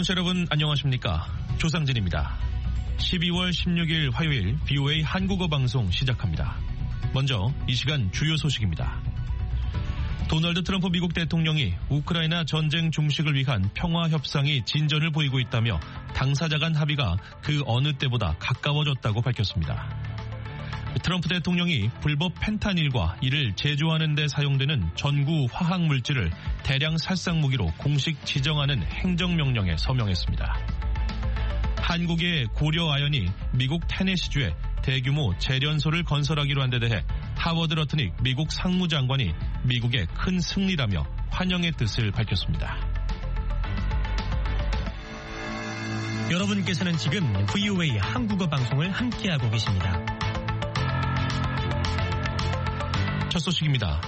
청취 여러분 안녕하십니까? 조상진입니다. 12월 16일 화요일 BOA 한국어 방송 시작합니다. 먼저 이 시간 주요 소식입니다. 도널드 트럼프 미국 대통령이 우크라이나 전쟁 중식을 위한 평화 협상이 진전을 보이고 있다며 당사자 간 합의가 그 어느 때보다 가까워졌다고 밝혔습니다. 트럼프 대통령이 불법 펜타닐과 이를 제조하는 데 사용되는 전구 화학 물질을 대량 살상 무기로 공식 지정하는 행정명령에 서명했습니다. 한국의 고려 아연이 미국 테네시주에 대규모 재련소를 건설하기로 한 데 대해 하워드 러트닉 미국 상무장관이 미국의 큰 승리라며 환영의 뜻을 밝혔습니다. 여러분께서는 지금 VOA 한국어 방송을 함께하고 계십니다. 첫 소식입니다.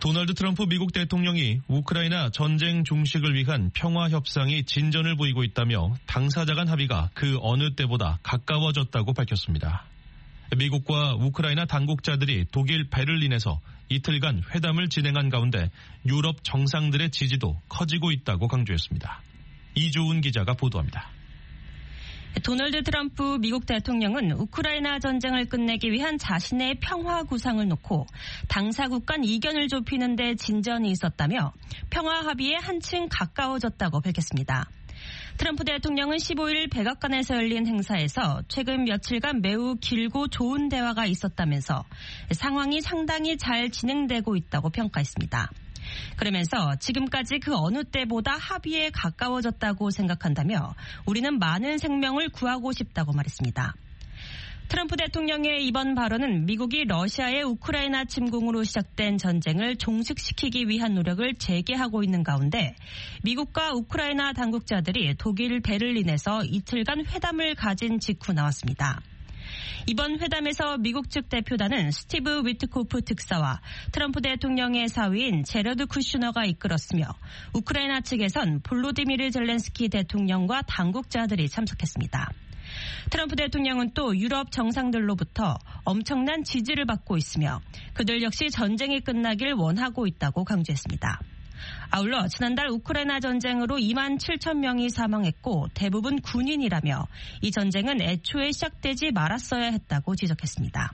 도널드 트럼프 미국 대통령이 우크라이나 전쟁 중식을 위한 평화 협상이 진전을 보이고 있다며 당사자 간 합의가 그 어느 때보다 가까워졌다고 밝혔습니다. 미국과 우크라이나 당국자들이 독일 베를린에서 이틀간 회담을 진행한 가운데 유럽 정상들의 지지도 커지고 있다고 강조했습니다. 이주은 기자가 보도합니다. 도널드 트럼프 미국 대통령은 우크라이나 전쟁을 끝내기 위한 자신의 평화 구상을 놓고 당사국 간 이견을 좁히는데 진전이 있었다며 평화 합의에 한층 가까워졌다고 밝혔습니다. 트럼프 대통령은 15일 백악관에서 열린 행사에서 최근 며칠간 매우 길고 좋은 대화가 있었다면서 상황이 상당히 잘 진행되고 있다고 평가했습니다. 그러면서 지금까지 그 어느 때보다 합의에 가까워졌다고 생각한다며 우리는 많은 생명을 구하고 싶다고 말했습니다. 트럼프 대통령의 이번 발언은 미국이 러시아의 우크라이나 침공으로 시작된 전쟁을 종식시키기 위한 노력을 재개하고 있는 가운데 미국과 우크라이나 당국자들이 독일 베를린에서 이틀간 회담을 가진 직후 나왔습니다. 이번 회담에서 미국 측 대표단은 스티브 위트코프 특사와 트럼프 대통령의 사위인 제러드 쿠슈너가 이끌었으며 우크라이나 측에선 볼로디미르 젤렌스키 대통령과 당국자들이 참석했습니다. 트럼프 대통령은 또 유럽 정상들로부터 엄청난 지지를 받고 있으며 그들 역시 전쟁이 끝나길 원하고 있다고 강조했습니다. 아울러 지난달 우크라이나 전쟁으로 2만 7천 명이 사망했고 대부분 군인이라며 이 전쟁은 애초에 시작되지 말았어야 했다고 지적했습니다.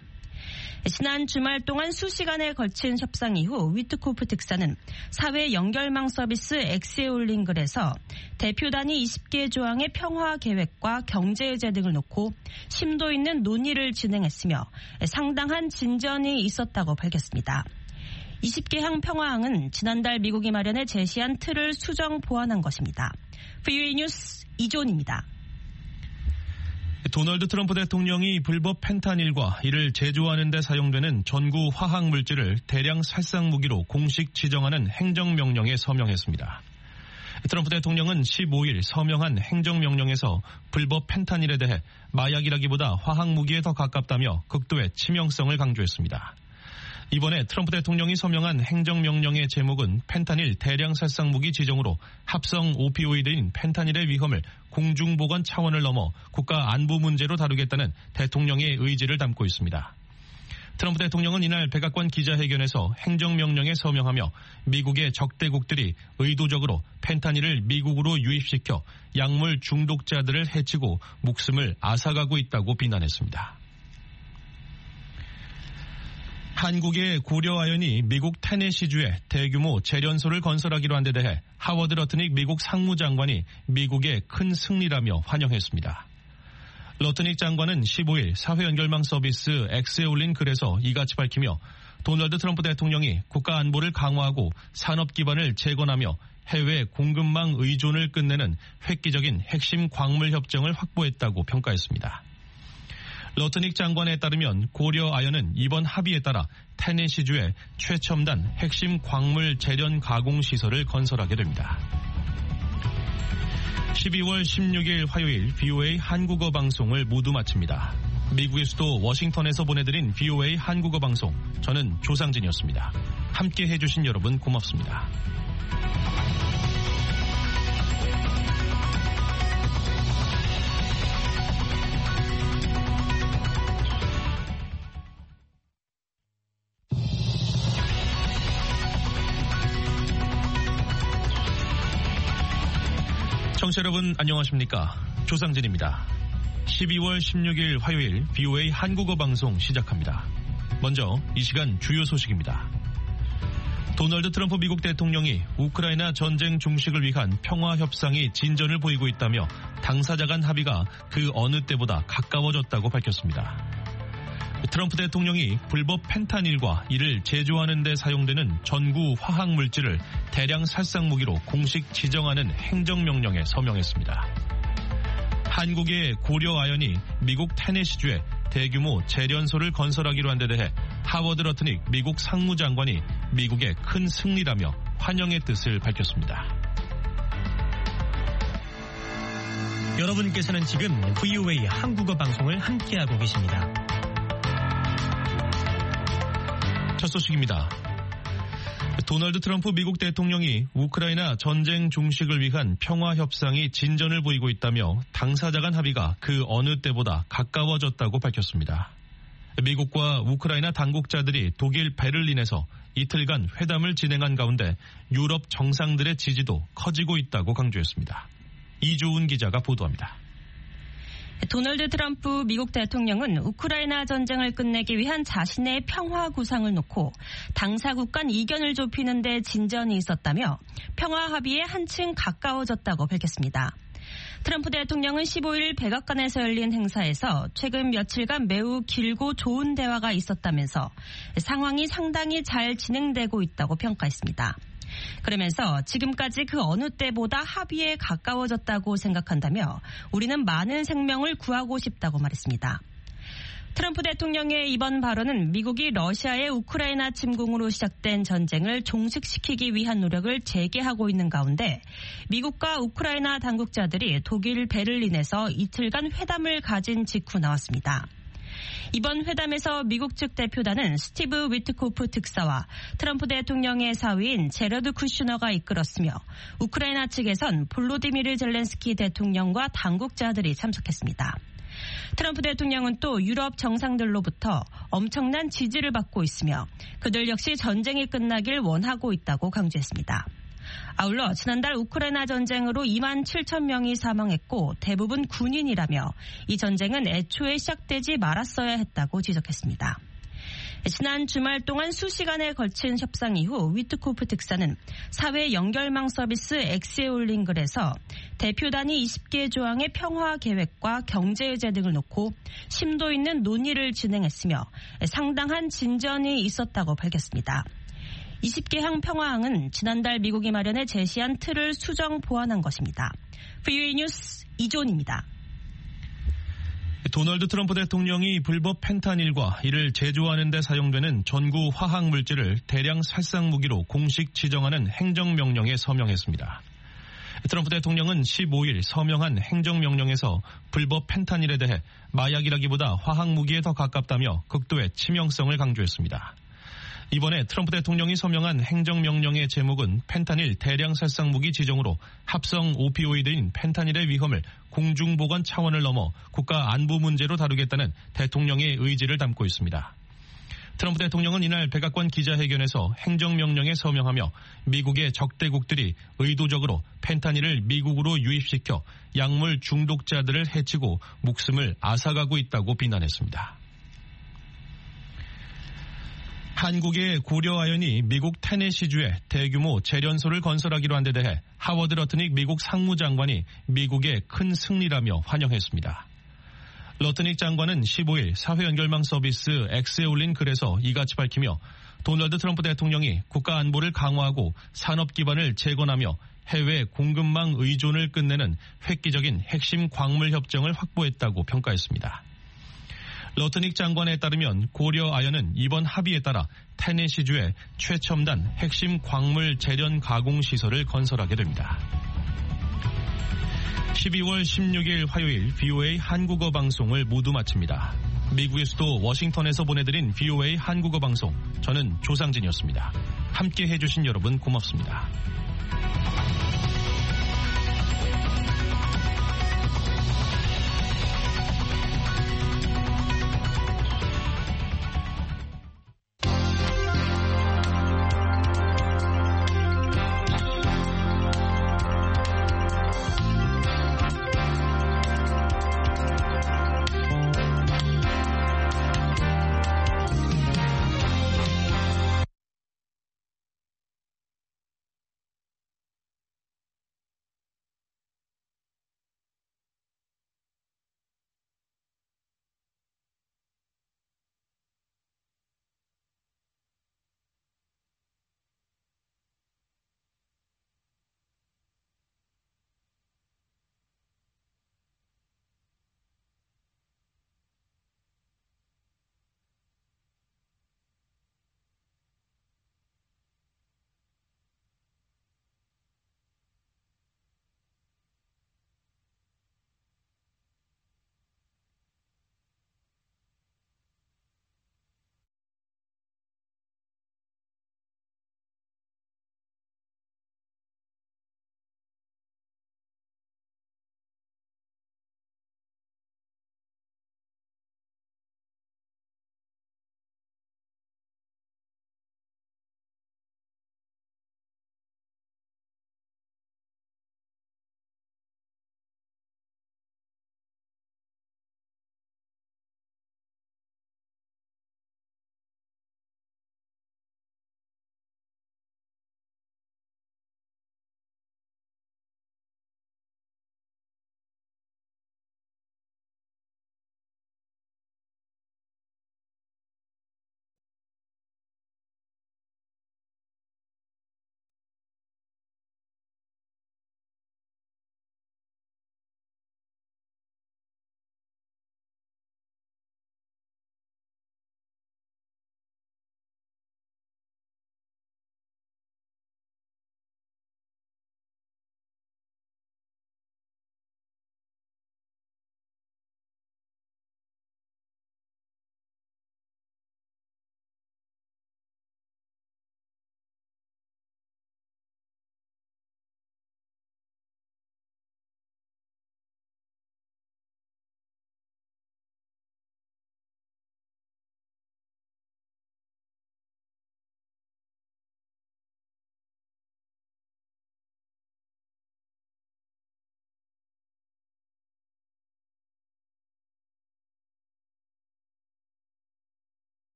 지난 주말 동안 수시간에 걸친 협상 이후 위트코프 특사는 사회 연결망 서비스 엑세올링 글에서 대표단이 20개 조항의 평화 계획과 경제 의제 등을 놓고 심도 있는 논의를 진행했으며 상당한 진전이 있었다고 밝혔습니다. 20개항 평화항은 지난달 미국이 마련해 제시한 틀을 수정 보완한 것입니다. VOA 뉴스 이존입니다. 도널드 트럼프 대통령이 불법 펜타닐과 이를 제조하는 데 사용되는 전구 화학 물질을 대량 살상 무기로 공식 지정하는 행정명령에 서명했습니다. 트럼프 대통령은 15일 서명한 행정명령에서 불법 펜타닐에 대해 마약이라기보다 화학 무기에 더 가깝다며 극도의 치명성을 강조했습니다. 이번에 트럼프 대통령이 서명한 행정명령의 제목은 펜타닐 대량 살상 무기 지정으로 합성 오피오이드인 펜타닐의 위험을 공중보건 차원을 넘어 국가 안보 문제로 다루겠다는 대통령의 의지를 담고 있습니다. 트럼프 대통령은 이날 백악관 기자회견에서 행정명령에 서명하며 미국의 적대국들이 의도적으로 펜타닐을 미국으로 유입시켜 약물 중독자들을 해치고 목숨을 앗아가고 있다고 비난했습니다. 한국의 고려아연이 미국 테네시주에 대규모 재련소를 건설하기로 한 데 대해 하워드 러트닉 미국 상무장관이 미국의 큰 승리라며 환영했습니다. 러트닉 장관은 15일 사회연결망 서비스 X에 올린 글에서 이같이 밝히며 도널드 트럼프 대통령이 국가 안보를 강화하고 산업 기반을 재건하며 해외 공급망 의존을 끝내는 획기적인 핵심 광물 협정을 확보했다고 평가했습니다. 러트닉 장관에 따르면 고려 아연은 이번 합의에 따라 테네시주의 최첨단 핵심 광물 재련 가공 시설을 건설하게 됩니다. 12월 16일 화요일 BOA 한국어 방송을 모두 마칩니다. 미국의 수도 워싱턴에서 보내드린 BOA 한국어 방송. 저는 조상진이었습니다. 함께 해주신 여러분 고맙습니다. 청취 여러분 안녕하십니까? 조상진입니다. 12월 16일 화요일 BOA 한국어 방송 시작합니다. 먼저 이 시간 주요 소식입니다. 도널드 트럼프 미국 대통령이 우크라이나 전쟁 중식을 위한 평화 협상이 진전을 보이고 있다며 당사자 간 합의가 그 어느 때보다 가까워졌다고 밝혔습니다. 트럼프 대통령이 불법 펜타닐과 이를 제조하는 데 사용되는 전구 화학 물질을 대량 살상 무기로 공식 지정하는 행정명령에 서명했습니다. 한국의 고려 아연이 미국 테네시주에 대규모 재련소를 건설하기로 한 데 대해 하워드 러트닉 미국 상무장관이 미국의 큰 승리라며 환영의 뜻을 밝혔습니다. 여러분께서는 지금 VOA 한국어 방송을 함께하고 계십니다. 첫 소식입니다. 도널드 트럼프 미국 대통령이 우크라이나 전쟁 종식을 위한 평화 협상이 진전을 보이고 있다며 당사자 간 합의가 그 어느 때보다 가까워졌다고 밝혔습니다. 미국과 우크라이나 당국자들이 독일 베를린에서 이틀간 회담을 진행한 가운데 유럽 정상들의 지지도 커지고 있다고 강조했습니다. 이주은 기자가 보도합니다. 도널드 트럼프 미국 대통령은 우크라이나 전쟁을 끝내기 위한 자신의 평화 구상을 놓고 당사국 간 이견을 좁히는데 진전이 있었다며 평화 합의에 한층 가까워졌다고 밝혔습니다. 트럼프 대통령은 15일 백악관에서 열린 행사에서 최근 며칠간 매우 길고 좋은 대화가 있었다면서 상황이 상당히 잘 진행되고 있다고 평가했습니다. 그러면서 지금까지 그 어느 때보다 합의에 가까워졌다고 생각한다며 우리는 많은 생명을 구하고 싶다고 말했습니다. 트럼프 대통령의 이번 발언은 미국이 러시아의 우크라이나 침공으로 시작된 전쟁을 종식시키기 위한 노력을 재개하고 있는 가운데 미국과 우크라이나 당국자들이 독일 베를린에서 이틀간 회담을 가진 직후 나왔습니다. 이번 회담에서 미국 측 대표단은 스티브 위트코프 특사와 트럼프 대통령의 사위인 제러드 쿠슈너가 이끌었으며 우크라이나 측에선 볼로디미르 젤렌스키 대통령과 당국자들이 참석했습니다. 트럼프 대통령은 또 유럽 정상들로부터 엄청난 지지를 받고 있으며 그들 역시 전쟁이 끝나길 원하고 있다고 강조했습니다. 아울러 지난달 우크라이나 전쟁으로 2만 7천 명이 사망했고 대부분 군인이라며 이 전쟁은 애초에 시작되지 말았어야 했다고 지적했습니다. 지난 주말 동안 수시간에 걸친 협상 이후 위트코프 특사는 사회 연결망 서비스 엑세올링 글에서 대표단이 20개 조항의 평화 계획과 경제 의제 등을 놓고 심도 있는 논의를 진행했으며 상당한 진전이 있었다고 밝혔습니다. 20개항 평화항은 지난달 미국이 마련해 제시한 틀을 수정 보완한 것입니다. VOA 뉴스 이존입니다. 도널드 트럼프 대통령이 불법 펜타닐과 이를 제조하는 데 사용되는 전구 화학 물질을 대량 살상 무기로 공식 지정하는 행정명령에 서명했습니다. 트럼프 대통령은 15일 서명한 행정명령에서 불법 펜타닐에 대해 마약이라기보다 화학 무기에 더 가깝다며 극도의 치명성을 강조했습니다. 이번에 트럼프 대통령이 서명한 행정명령의 제목은 펜타닐 대량 살상 무기 지정으로 합성 오피오이드인 펜타닐의 위험을 공중보건 차원을 넘어 국가 안보 문제로 다루겠다는 대통령의 의지를 담고 있습니다. 트럼프 대통령은 이날 백악관 기자회견에서 행정명령에 서명하며 미국의 적대국들이 의도적으로 펜타닐을 미국으로 유입시켜 약물 중독자들을 해치고 목숨을 앗아가고 있다고 비난했습니다. 한국의 고려아연이 미국 테네시주에 대규모 재련소를 건설하기로 한 데 대해 하워드 러트닉 미국 상무장관이 미국의 큰 승리라며 환영했습니다. 러트닉 장관은 15일 사회연결망 서비스 X에 올린 글에서 이같이 밝히며 도널드 트럼프 대통령이 국가 안보를 강화하고 산업 기반을 재건하며 해외 공급망 의존을 끝내는 획기적인 핵심 광물 협정을 확보했다고 평가했습니다. 러트닉 장관에 따르면 고려 아연은 이번 합의에 따라 테네시주의 최첨단 핵심 광물 재련 가공 시설을 건설하게 됩니다. 12월 16일 화요일 v o a 한국어 방송을 모두 마칩니다. 미국의 수도 워싱턴에서 보내드린 v o a 한국어 방송. 저는 조상진이었습니다. 함께 해주신 여러분 고맙습니다.